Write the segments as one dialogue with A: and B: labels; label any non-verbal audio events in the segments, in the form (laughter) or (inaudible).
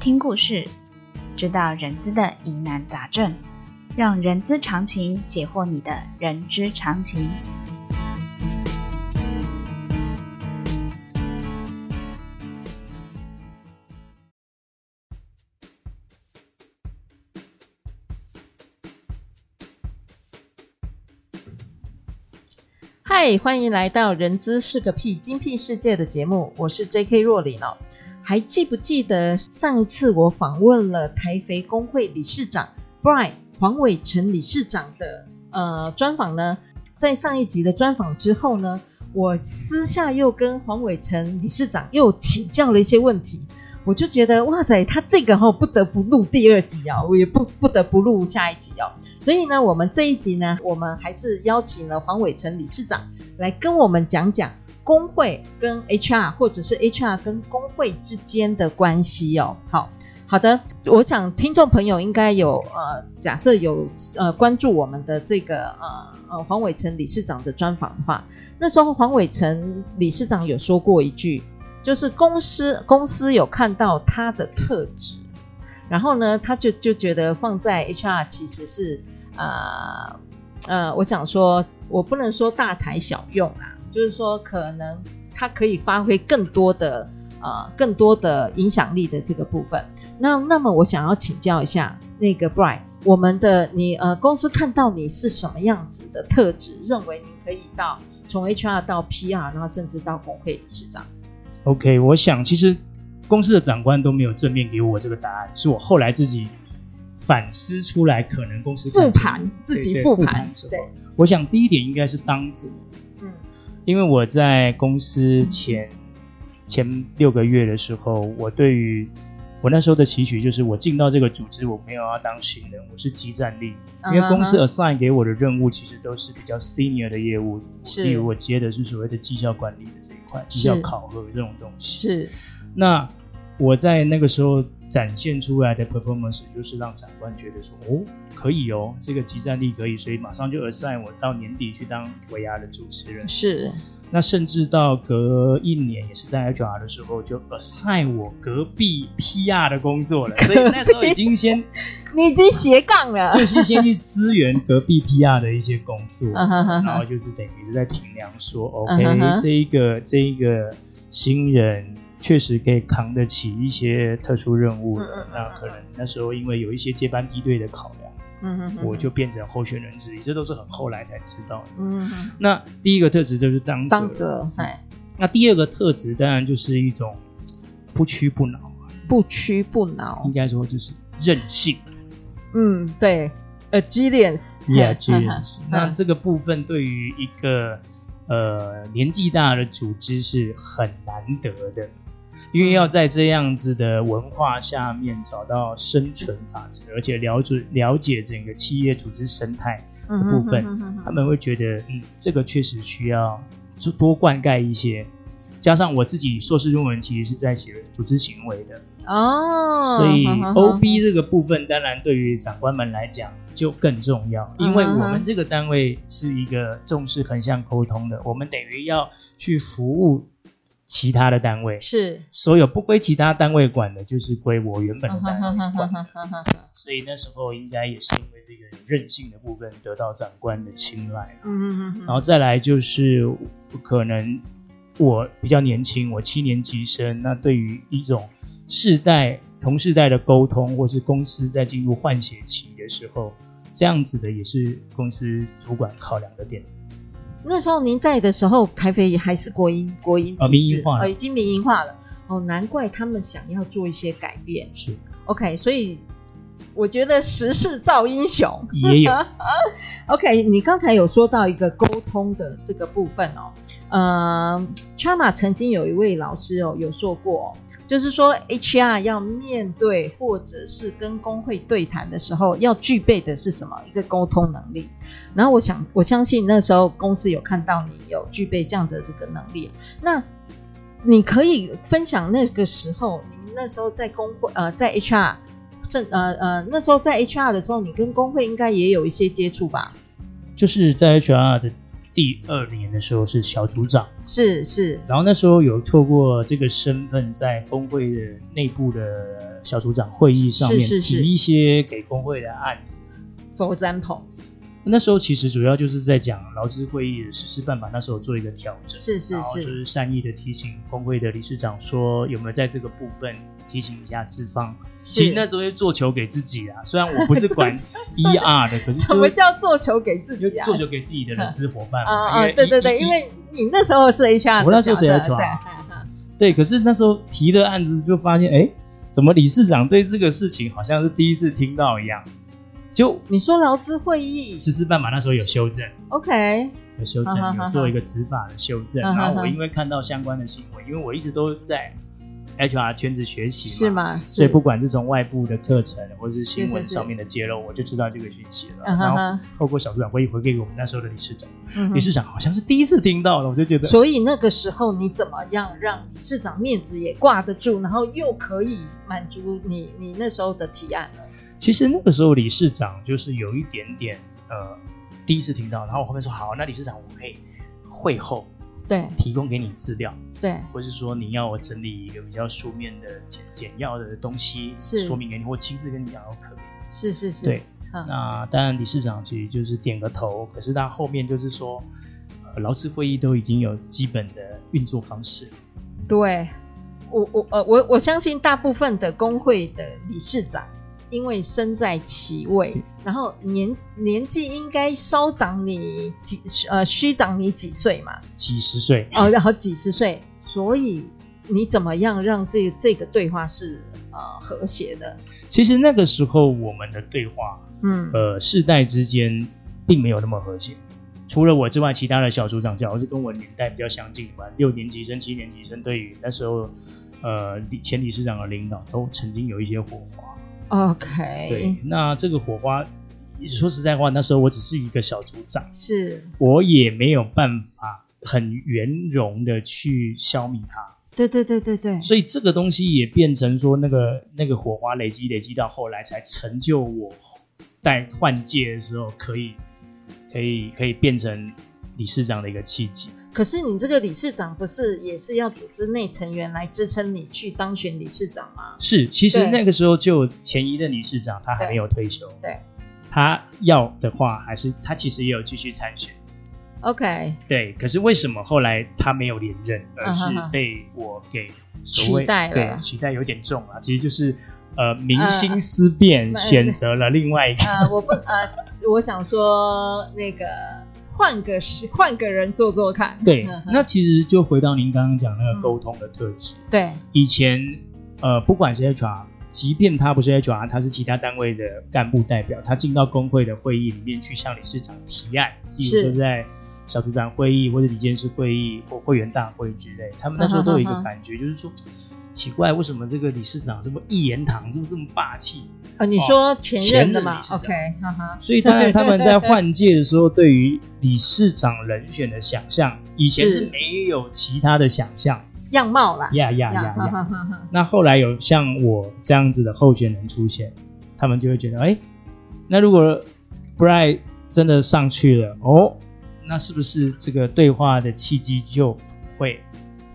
A: 聽故事，知道人資的疑難雜症，讓人資常情解惑你的人之常情。嗨，歡迎來到人資是個屁精闢世界的節目，我是 J.K. 羅琳。還記不記得上一次我訪問了台肥工會理事長 Brian 黃韋晨理事長的呃專訪呢？在上一集的專訪之後呢，我私下又跟黃韋晨理事長又請教了一些問題，我就覺得哇塞，他這個哈、哦、不得不錄第二集啊、哦，我也不不得不錄下一集啊、哦。所以呢，我們這一集呢，我們還是邀請了黃韋晨理事長來跟我們講講。工會跟 HR，或者是 HR 跟工會之間的關係哦。好好的，我想聽眾朋友應該有呃，假設有呃關注我們的這個呃呃黃韋晨理事長的專訪的話，那時候黃韋晨理事長有說過一句，就是公司公司有看到他的特質，然後呢，他就就覺得放在 HR 其實是呃呃，我想說，我不能說大材小用啊。就是說，可能他可以發揮更多的呃更多的影響力的這個部分。那那麼，我想要請教一下那個 Bright 我們的你呃，公司看到你是什麼樣子的特質，認為你可以到從 HR 到 PR，然後甚至到工會理事長。
B: OK，我想其實公司的長官都沒有正面給我這個答案，是我後來自己反思出來，可能公司復盤自己復盤。對，對，對，我想第一點應該是當職。因為我在公司前前六個月的時候，我對於我那時候的期許就是，我進到這個組織，我沒有要當新人，我是即戰力，因為公司 assign 給我的任務其實都是比較 senior 的業務，uh huh. 例如我接的是所謂的績效管理的這一塊，uh huh. 績效考核這種東西。是、uh，huh. 那我在那個時候。展現出來的 performance 就是讓長官覺得說，哦可以哦，這個即戰力可以，所以馬上就 assign 我到年底去當 HR 的主持人。是，那甚至到隔一年也是在 HR 的時候就 assign 我隔壁 PR 的工作了，所以那時候已經先
A: (laughs) 你已經斜槓了， (laughs) 就是先去
B: 支援隔壁 PR 的一些工作，uh huh huh huh. 然後就是等於是在評量說 OK，uh huh huh. 這一個這一個新人。確實可以扛得起一些特殊任務的，嗯嗯嗯那可能那時候因為有一些接班梯隊的考量，嗯嗯嗯我就變成候選人之一，這都是很後來才知道的。嗯嗯那第一個特質就是當責，當責那第二個特質當然就是一種不屈不撓、
A: 啊，不屈不撓，
B: 應該說就是韌性。
A: 嗯，對，agility，yeah，agility 呵那
B: 這個部分對於一個呵呵呃年紀大的組織是很難得的。因為要在這樣子的文化下面找到生存法則，嗯、而且了解了解整個企業組織生態的部分，嗯嗯嗯、他們會覺得，嗯，這個確實需要就多灌溉一些。加上我自己碩士論文其實是在寫組織行為的
A: 哦，所以 OB
B: 這個部分當然對於長官們來講就更重要，嗯嗯、因為我們這個單位是一個重視橫向溝通的，我們等於要去服務。其他的單位是所有不歸其他單位管的，就是歸我原本的單位管的。所以那時候應該也是因為這個任性的部分得到長官的青睞。嗯嗯嗯。然後再來就是可能我比較年輕，我七年級生。那對於一種世代同世代的溝通，或是公司在進入換血期的時候，這樣子的也是公司主管考量的點。
A: 那時候您在的時候，台肥也還是國營、國營、民營化、哦，已經民營化了。哦，難怪他們想要做一些改變。是，OK，所以我覺得時勢造英雄。也有 (laughs) ，OK，你剛才有說到一個溝通的這個部分哦，嗯、呃、CHRMA 曾經有一位老師哦，有說過、哦。就是說，HR 要面對或者是跟工會對談的時候，要具備的是什麼一個溝通能力？然後我想，我相信那時候公司有看到你有具備這樣子的這個能力。那你可以分享那個時候，你那時候在工會呃，在 HR 甚，呃呃，那時候在 HR 的時候，你跟工會應該也有一些接觸吧？
B: 就是在 HR 的。第二年的時候是小組長，
A: 是是，
B: 是然後那時候有透過這個身份在工會的內部的小組長會議上面提一些給工會的案子，for example。那時候其實主要就是在講勞資會議的實施辦法，那時候做一個調整。是是是，就是善意的提醒工會的理事長說，有沒有在這個部分提醒一下資方？是其實那都是做球給自己啦。雖然我不是管 E R 的，可是什麼
A: 叫做球給自己啊？做球給
B: 自己的人資夥伴。啊，啊，啊對
A: 對對，因為你那時候是 H R，我那時候是 HR。對，
B: 對，可是那時候提的案子就發現，哎，怎麼理事長對這個事情好像是第一次聽到一樣？你說勞資會議，實施辦法那時候有修正，OK，有修正，有做一個執法的修正。然後我因為看到相關的新聞，因為我一直都在 HR 圈子學習嘛，是嗎？所以不管是從外部的課程或者是新聞上面的揭露，我就知道這個訊息了。然後透過小組長會議回給我們那時候的理事長，理事長好像是第一次聽到了，我就覺得。所以
A: 那個時候你怎麼樣讓理事長面子也掛得住，然後又可以滿足你你那時候的提案？
B: 其實那個時候，理事長就是有一點點呃，第一次聽到，然後我後面說好，那理事長我可以會後對提供給你資料，對，或者是說你要我整理一個比較書面的簡簡要的東西說明給你，或是親自跟你講都可以，
A: 是是是，對。嗯、那
B: 當然理事長其實就是點個頭，可是他後面就是說、呃、勞資會議都已經有基本的運作方式。
A: 對，我我我我相信大部分的工會的理事長。因為身在其位，然後年、年紀應該稍長你幾呃虛長你幾歲嘛？
B: 幾十歲哦，然
A: 後幾十歲，所以你怎麼樣讓這個、這個對話是呃和諧的？
B: 其實那個時候我們的對話，嗯呃，世代之間並沒有那麼和諧。除了我之外，其他的小組長、就好像是跟我年代比較相近吧，嘛六年級生、七年級生，對於那時候呃前理事長的領導，都曾經有一些火花。
A: OK，對，
B: 那這個火花，說實在話，那時候我只是一個小組長，是我也沒有辦法很圓融的去消滅它。
A: 對，對對對對對，
B: 所以這個東西也變成說那個那個火花累積累積到後來才成就我，在換屆的時候可以可以可以變成理事長的一個契機。
A: 可是你這個理事長不是也是要組織內成員來支撐你去當選理事長嗎？是，
B: 其實那個時候就前一任理事長他還沒有退休，對，對他要的話還是他其實也有繼續參選。
A: OK。
B: 對，可是為什麼後來他沒有連任，而是被我給所謂、啊、哈哈取代了。對，取代有點重啊，其實就是呃民心思變，選擇了另外一個。呃
A: 呃、我不呃，我想說那個。換個是換個人做做看。對，呵呵，那
B: 其實就回到您剛剛講那個溝通的特質、嗯。對，以前呃，不管是 HR，即便他不是 HR，他是其他單位的幹部代表，他進到工會的會議裡面去向理事長提案，例如說在小組長會議或者理監事會議或會員大會之類，他們那時候都有一個感覺，呵呵呵，就是說。奇怪，為什麼這個理事長這麼一言堂，這麼這麼霸氣？呃、啊，你說前任的嘛，前
A: 任？OK，哈、uh、哈。Huh. 所以當然 (laughs) 他們在換
B: 屆的時候，對於理事長人選的想象，以前是沒有其他的想象
A: 樣貌啦。呀呀呀！那
B: 後來有像我這樣子的候選人出現，他們就會覺得，哎，那如果布萊真的上去了，哦，那是不是這個對話的契機就會？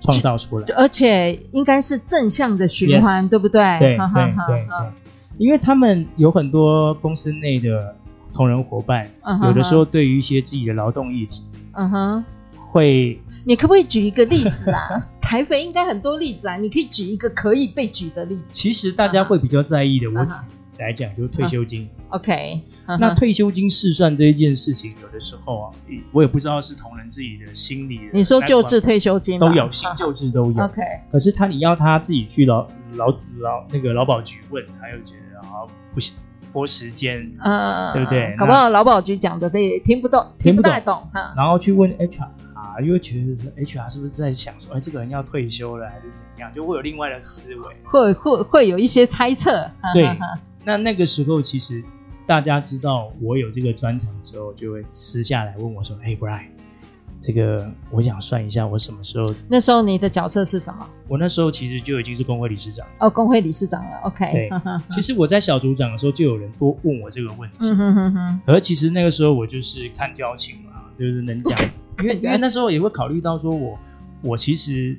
B: 創造出來，
A: 而且應該是正向的循環，yes, 對不對？對 (laughs) 對對對，對
B: 因為他們有很多公司內的同仁夥伴，uh huh. 有的時候對於一些自己的勞動意志，嗯
A: 哼、uh，huh. 會，你可不可以舉一個例子啊？ (laughs) 台肥應該很多例子啊，你可以舉一個可以被舉的例
B: 子。其實大家會比較在意的，uh huh. 我舉。來講就是退休金、
A: 啊、，OK、uh。Huh、那退
B: 休金試算這一件事情，有的時候啊，我也不知道是同仁自己的心理的。你說舊制退休金都有新舊制都有、啊、，OK。可是他你要他自己去勞勞老，老，老那個勞保局問，他又覺得啊不想撥時間，嗯、啊，對不對？搞不
A: 好勞保局講的他也聽不，聽不懂，聽不太懂。啊、
B: 然後去問 HR，、啊、因為覺得 HR 是不是在想說，哎，這個人要退休了還是怎樣？就會有另外的思維，
A: 會會會有一些猜測，對。啊
B: 那那個時候，其實大家知道我有這個專長之後，就會私下來問我說：“哎、欸、，Brian，這個我想算一下，我什麼時候？”
A: 那時候你的角色是什麼？
B: 我那時候其實就已經是工會理事長
A: 哦，工會理事長了。OK，對 (laughs) 其
B: 實我在小組長的時候，就有人多問我這個問題。嗯哼哼哼，可是其實那個時候，我就是看交情嘛，就是能講。Okay. 因為因為那時候也會考慮到說我，我我其實。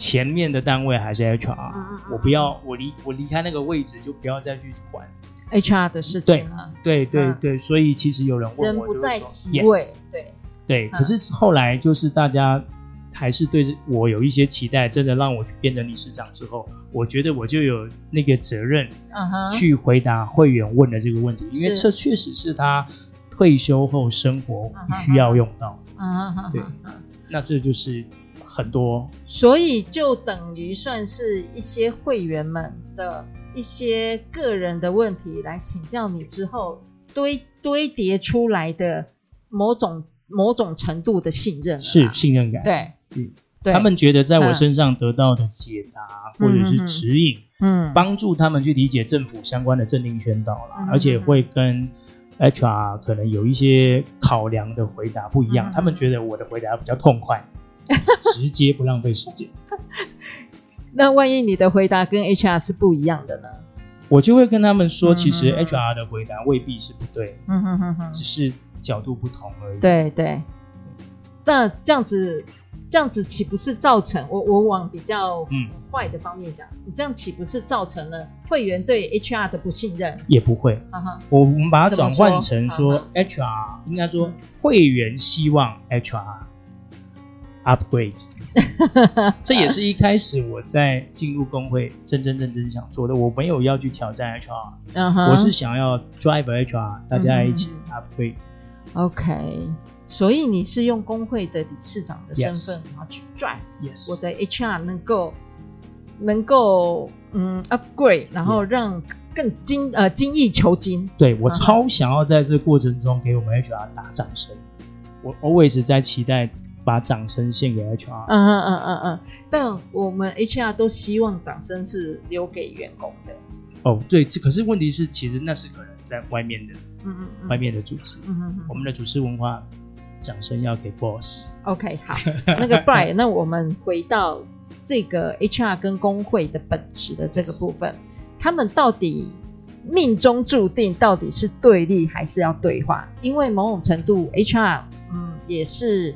B: 前面的單位還是 HR，、嗯啊、我不要，我離我離開那個位置就不要再去管 HR 的事情了。對對對，所以其實有人問我，人不在其位，yes. 對對。可是後來就是大家還是對我有一些期待，真的讓我去變成理事長之後，我覺得我就有那個責任，嗯哼，去回答會員問的這個問題，嗯啊、因為這確實是他退休後生活需要用到的，嗯、
A: 啊、對，
B: 那這就是。很多，
A: 所以就等於算是一些會員們的一些個人的問題來請教你之後堆，堆堆疊出來的某種某種程度的信任，是
B: 信任感。對，嗯，對他們覺得在我身上得到的解答或者是指引，嗯，哼哼嗯，幫助他們去理解政府相關的政令宣導啦，嗯、哼哼而且會跟 HR 可能有一些考量的回答不一樣，嗯、哼他們覺得我的回答比較痛快。 (laughs) 直接不浪費時間。
A: (laughs) 那萬一你的回答跟 HR 是不一樣的呢？
B: 我就會跟他們說，嗯、哼其實 HR 的回答未必是不對，嗯、哼
A: 哼哼只
B: 是角度不同而已。對對。
A: 那這樣子，這樣子豈不是造成我我往比較嗯壞的方面想？嗯、你這樣豈不是造成了會員對 HR 的不信任？
B: 也不會，我、uh huh、我們把它轉換成說，HR、uh huh、應該說，會員希望 HR。upgrade， (laughs) 這也是一開始我在進入工會真真正正想做的。我沒有要去挑戰 HR，、uh huh. 我是想要 drive HR 大家一起 upgrade。
A: OK，所以你是用工會的理事長的身份，Yes. 然後去 drive 拽我的 HR，能夠，能夠嗯 upgrade，然後讓更精 Yeah. 呃精益求精。對，我超
B: 想要在這個過程中給我們 HR 打掌聲。Uh huh. 我我一直在期待。把掌聲獻給 HR，嗯嗯嗯嗯嗯，
A: 但我們 HR 都希望掌聲是留給員工的。
B: 哦，對，這可是問題是，其實那是可能在外面的，嗯嗯，嗯外面的主持，嗯嗯我們的主持文化，掌聲要給 BOSS。
A: OK，好，那個 Brian， (laughs) 那我們回到這個 HR 跟工會的本質的這個部分， (laughs) 他們到底命中注定，到底是對立還是要對話？因為某種程度，HR，嗯，也是。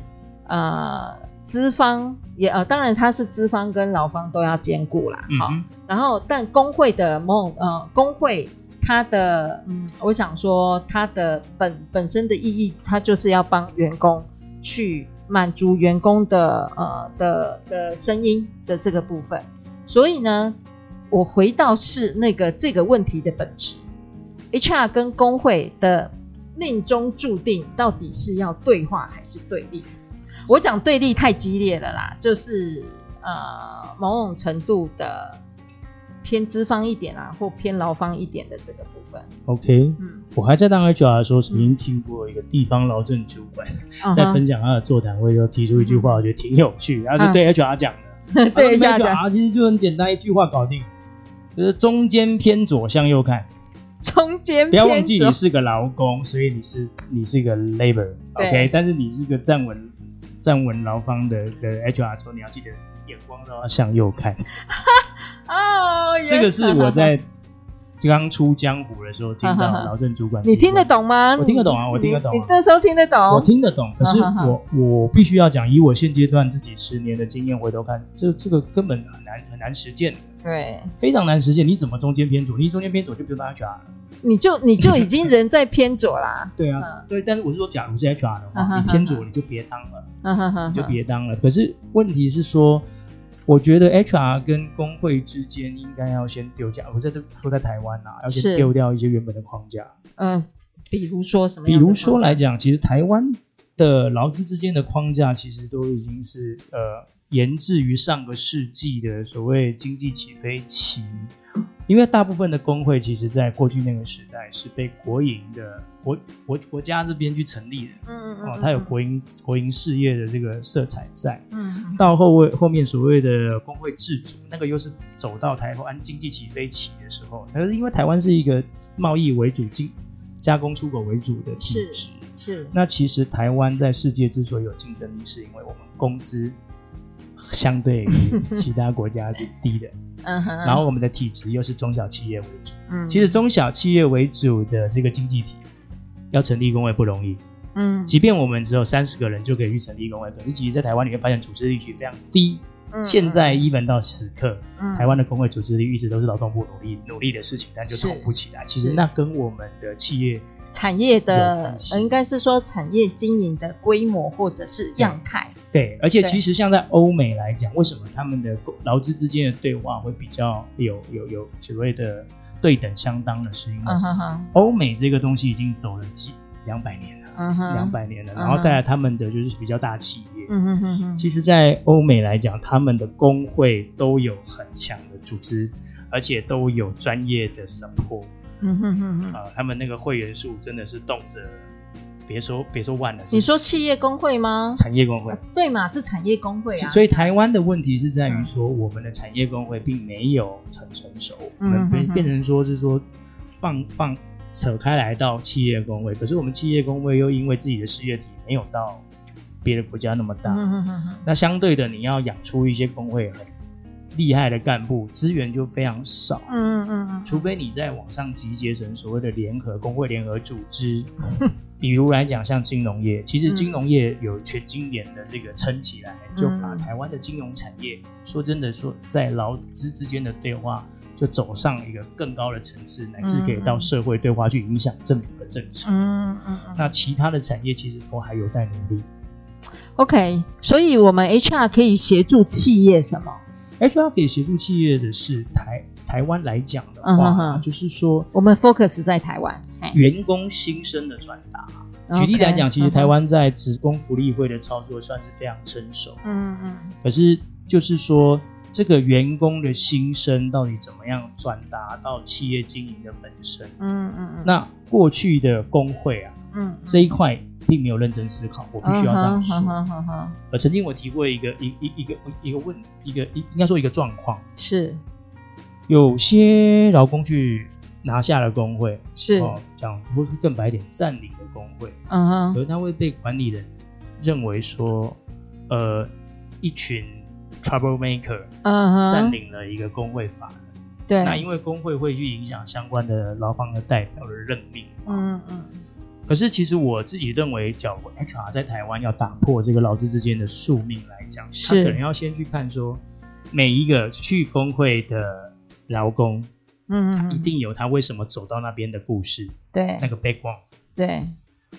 A: 呃，資方也呃，當然它是資方跟勞方都要兼顧啦，好、嗯哼。然後，但工會的某呃，工會它的嗯，我想說它的本本身的意義，它就是要幫員工去滿足員工的呃的的聲音的這個部分。所以呢，我回到是那個這個問題的本質，HR 跟工會的命中注定到底是要對話還是對立？我講對立太激烈了啦，就是呃某種程度的偏資方一點啊，或偏勞方一點的這個部分。
B: OK，嗯，我還在當 HR 的時候曾經聽過一個地方勞政主管、嗯、在分享他的座談會，就提出一句話，我覺得挺有趣，嗯啊、然後就對 HR 講的。對 HR 其實就很簡單一句話搞定，就是中間偏左向右看。
A: 中間不要忘記你是
B: 個勞工，所以你是你是一個 labour，OK，、er, 對 okay, 但是你是個站穩。站穩勞方的的 HR，說你要記得眼光都要向右看，哦，這個是我在， (laughs) (laughs) 剛出江湖的時候，聽到老鄭主管，你
A: 聽得懂嗎？我聽得懂啊，我聽得懂。你那時候聽得懂，我聽得
B: 懂。可是我我必須要講，以我現階段自己十年的經驗，回頭看，這這個根本很難很難實踐。
A: 對，
B: 非常難實踐。你怎麼中間偏左？你中間偏左，就不用當 HR，
A: 你就你就已經人在偏左啦。
B: 對啊，對。但是我是說，假如是 HR 的話，你偏左你就別當了，
A: 你就別
B: 當了。可是問題是說。我覺得 HR 跟工會之間應該要先丟架，我這都說在台灣吶、啊，要先丟掉一些原本的框架。嗯、呃，
A: 比如說什麼？比如
B: 說來講，其實台灣的勞資之間的框架，其實都已經是呃。研製於上個世紀的所謂經濟起飛期，因為大部分的工會其實在過去那個時代是被國營的國國國家這邊去成立的，嗯哦，它有國營國營事業的這個色彩在，嗯，到後位後面所謂的工會自主，那個又是走到台灣經濟起飛期的時候，那因為台灣是一個貿易為主、經加工出口為主的是是，是那其實台灣在世界之所以有競爭力，是因為我們工資。相對於其他國家是低的， (laughs) 然後我們的體制又是中小企業為主，嗯，其實中小企業為主的這個經濟體要成立工會不容易，嗯，即便我們只有三十個人就可以去成立工會，可是其實，在台灣你會發現組織率卻非常低，現在一文到此刻，台灣的工會組織率一直都是勞動部努力努力的事情，但就從不起來，其實那跟我們的企業。
A: 產業的應該是說產業經營的規模或者是樣態，嗯。
B: 對，而且其實像在歐美來講，對為什麼他們的勞資之間的對話會比較有有有所謂的對等相當的聲音？歐美這個東西已經走了幾兩百年了，兩百、嗯、哼年了，然後帶來他們的就是比較大企業。嗯、哼哼哼其實，在歐美來講，他們的工會都有很強的組織，而且都有專業的 support。嗯哼哼哼啊、呃！他們那個會員數真的是動輒別說別說萬了。是是你說企
A: 業工會嗎？產業工會、啊、對嘛？是產業工會啊。所以台
B: 灣的問題是在於說，我們的產業工會並沒有很成熟，變、嗯、變成說是說放放扯開來到企業工會，可是我們企業工會又因為自己的事業體沒有到別的國家那麼大，嗯、哼哼哼那相對的你要養出一些工會，很多。厲害的幹部資源就非常少，嗯嗯嗯，嗯除非你在網上集結成所謂的聯合工會聯合組織，嗯、比如來講，像金融業，嗯、其實金融業有全金聯的這個撐起來，嗯、就把台灣的金融產業，嗯、說真的，說在勞資之間的對話就走上一個更高的層次，乃至可以到社會對話去影響政府的政策，嗯嗯嗯，嗯那其他的產業其實都還有待努力。
A: OK，所以我們 HR 可以協助企業什麼？
B: HR 可以協助企業的是台台灣來講的話，uh huh.
A: 就是說我們 focus 在
B: 台灣員工心聲的轉達。Okay. 舉例來講，其實台灣在職工福利會的操作算是非常成熟。嗯嗯、uh，huh. 可是就是說這個員工的心聲到底怎麼樣轉達到企業經營的本身？嗯嗯嗯。Huh. 那過去的工會啊，嗯、uh huh. 這一塊。並沒有認真思考，我必須要這樣說。呃，曾經我提過一個一一一個一個問，一個，一個，一個，一個，一個應該說一個狀況是，有些勞工去拿下了工會，是講、哦、或是更白一點佔領了工會，嗯哼、uh，huh、而他會被管理人認為說，呃，一群 troublemaker，嗯嗯，佔領了一個工會法，對、
A: uh，huh、那因
B: 為工會會去影響相關的勞方的代表的任命，嗯、uh huh、嗯。嗯。可是，其實我自己認為，假如 HR 在台灣要打破這個勞資之間的宿命來講，是他可能要先去看說，每一個去工會的勞工，嗯,嗯,嗯，他一定有他為什麼走到那邊的故事，對，那個 background。對，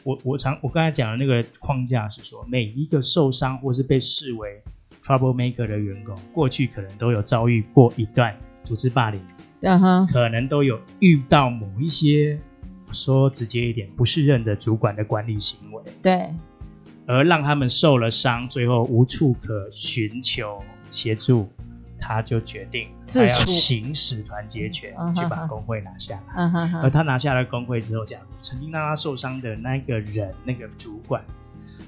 B: 我我常我剛才講的那個框架是說，每一個受傷或是被視為 troublemaker 的員工，過去可能都有遭遇過一段組織霸凌，
A: 對啊、
B: 可能都有遇到某一些。說直接一點，不適任的主管的管理行為，對，而讓他們受了傷，最後無處可尋求協助，他就決定他要行使團結權處去把工會拿下來。Uh huh. uh huh huh. 而他拿下來工會之後，講曾經讓他受傷的那個人，那個主管。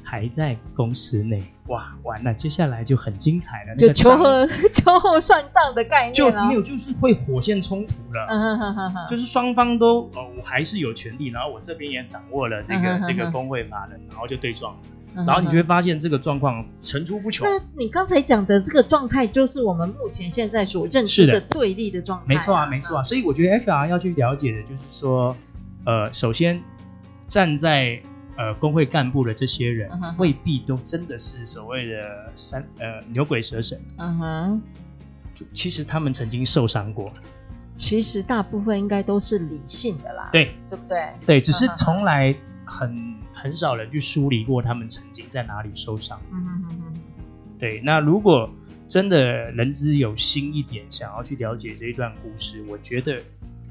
B: 還在公司內哇，完了，接下來就很精彩了，就秋後
A: 秋後算賬的概念，就沒有就
B: 是會火線衝突了。嗯、哼哼
A: 哼哼就是
B: 雙方都呃，我還是有權利，然後我這邊也掌握了這個、嗯、哼哼這個工會法人，然後就對撞了。嗯、哼哼然後你就會發現這個狀況層出不窮。嗯、哼
A: 哼那你剛才講的這個狀態，就是我們目前現在所認識的對立的狀態，沒
B: 錯啊，嗯、哼沒錯啊。所以我覺得 F R 要去了解的，就是說，呃，首先站在。呃，工會幹部的這些人、uh huh. 未必都真的是所謂的三呃牛鬼蛇神。嗯哼、uh，huh. 其實他們曾經受傷過。
A: 其實大部分應該都是理性的啦，對對不對？對，只是
B: 從來很很少人去梳理過他們曾經在哪裡受傷。
A: Uh huh.
B: 對，那如果真的人資有心一點，想要去了解這一段故事，我覺得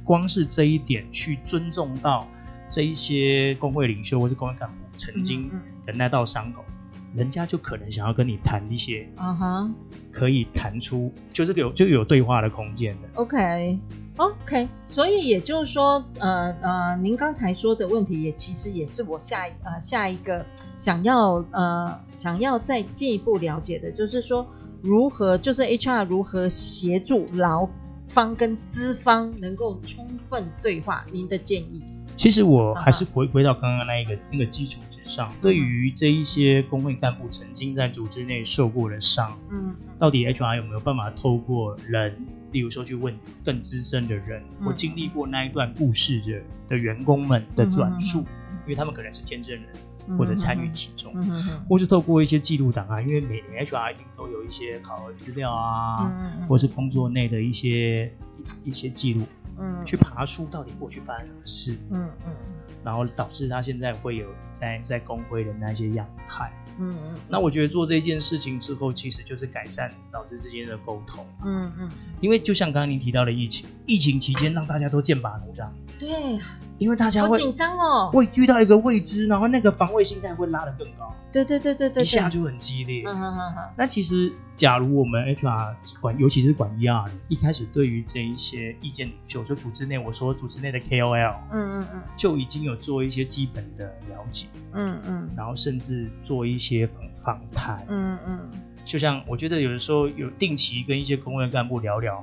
B: 光是這一點去尊重到。這一些工會領袖或是工會幹部曾經的那道傷口，嗯嗯，人家就可能想要跟你談一些，啊哈，可以談出、uh huh、就是有就有對話的空間的。
A: OK OK，所以也就是說，呃呃，您剛才說的問題，也其實也是我下呃下一個想要呃想要再進一步了解的，就是說如何就是 HR 如何協助勞方跟資方能夠充分對話？您的建議。
B: 其實我還是回歸到剛剛那一個那個基礎之上，對於這一些工會幹部曾經在組織內受過的傷，嗯，到底 HR 有沒有辦法透過人，例如說去問更資深的人，或經歷過那一段故事的的員工們的轉述，因為他們可能是見證人或者參與其中，嗯，或是透過一些記錄檔案，因為每年 HR 都有一些考核資料啊，或是工作內的一些一，一些記錄。去爬梳，到底過去發生了什麼事？嗯嗯，嗯嗯然後導致他現在會有在在工會的那些樣態、嗯。嗯嗯，那我覺得做這件事情之後，其實就是改善導致之間的溝通嗯。嗯
A: 嗯，
B: 因為就像剛剛您提到的疫情，疫情期間讓大家都劍拔弩張。對。因為大家會、緊張哦，會遇到一個未知，然後那個防衛心態會拉得更高。
A: 對對對對，對，對，對一下就很激烈。嗯、哈
B: 哈那其實，假如我們 HR 管，尤其是管一、ER, 二，一開始對於這一些意見領袖，就組織內我說組織內的 KOL，嗯嗯嗯，就已經有做一些基本的了解。嗯嗯。然後甚至做一些訪訪談。嗯嗯。就像我覺得有的時候有定期跟一些公務員幹部聊聊。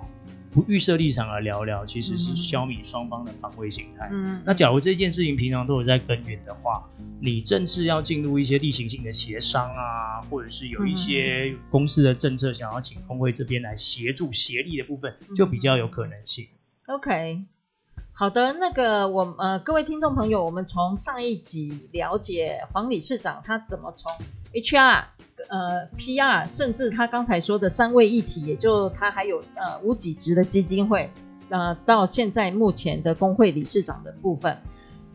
B: 不預設立場來聊聊，其實是消弭雙方的防衛心態。嗯哼，那假如這件事情平常都有在根源的話，你正式要進入一些例行性的協商啊，或者是有一些公司的政策想要請工會這邊來協助協力的部分，就比較有可能性。
A: 嗯、OK，好的，那個我呃，各位聽眾朋友，我們從上一集了解黃理事長他怎麼從。H R，呃，P R，甚至他剛才說的三位一體，也就他還有呃無給職的基金會，呃，到現在目前的工會理事長的部分，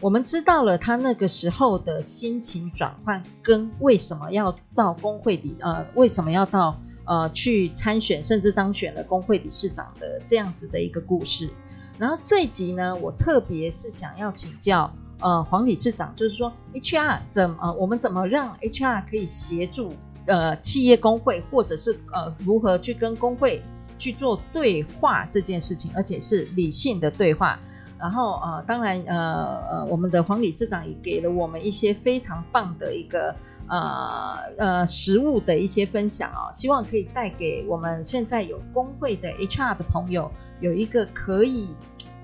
A: 我們知道了他那個時候的心情轉換跟為什麼要到工會裡，呃，為什麼要到呃去參選，甚至當選了工會理事長的這樣子的一個故事。然後這一集呢，我特別是想要請教。呃，黃理事長就是說，HR 怎麼呃，我們怎麼讓 HR 可以協助呃企業工會，或者是呃如何去跟工會去做對話這件事情，而且是理性的對話。然後呃，當然呃呃，我們的黃理事長也給了我們一些非常棒的一個呃呃實務的一些分享哦，希望可以帶給我們現在有工會的 HR 的朋友有一個可以。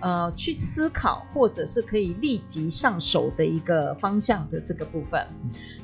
A: 呃，去思考，或者是可以立即上手的一個方向的這個部分。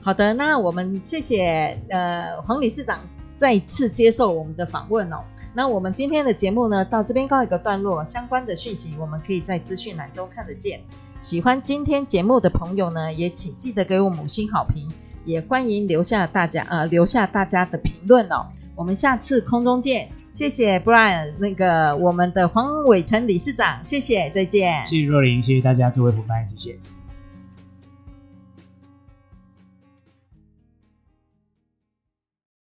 A: 好的，那我們謝謝呃黃理事長再次接受我們的訪問哦。那我們今天的節目呢，到這邊告一個段落。相關的訊息，我們可以在資訊欄都看得見。喜歡今天節目的朋友呢，也請記得給我五星好評，也歡迎留下大家啊、呃，留下大家的評論哦。我們下次空中見，謝謝 Brian，那個我們的黃韋晨理事長，謝謝，再見，謝
B: 謝若琳，謝謝大家，各位夥伴，謝謝。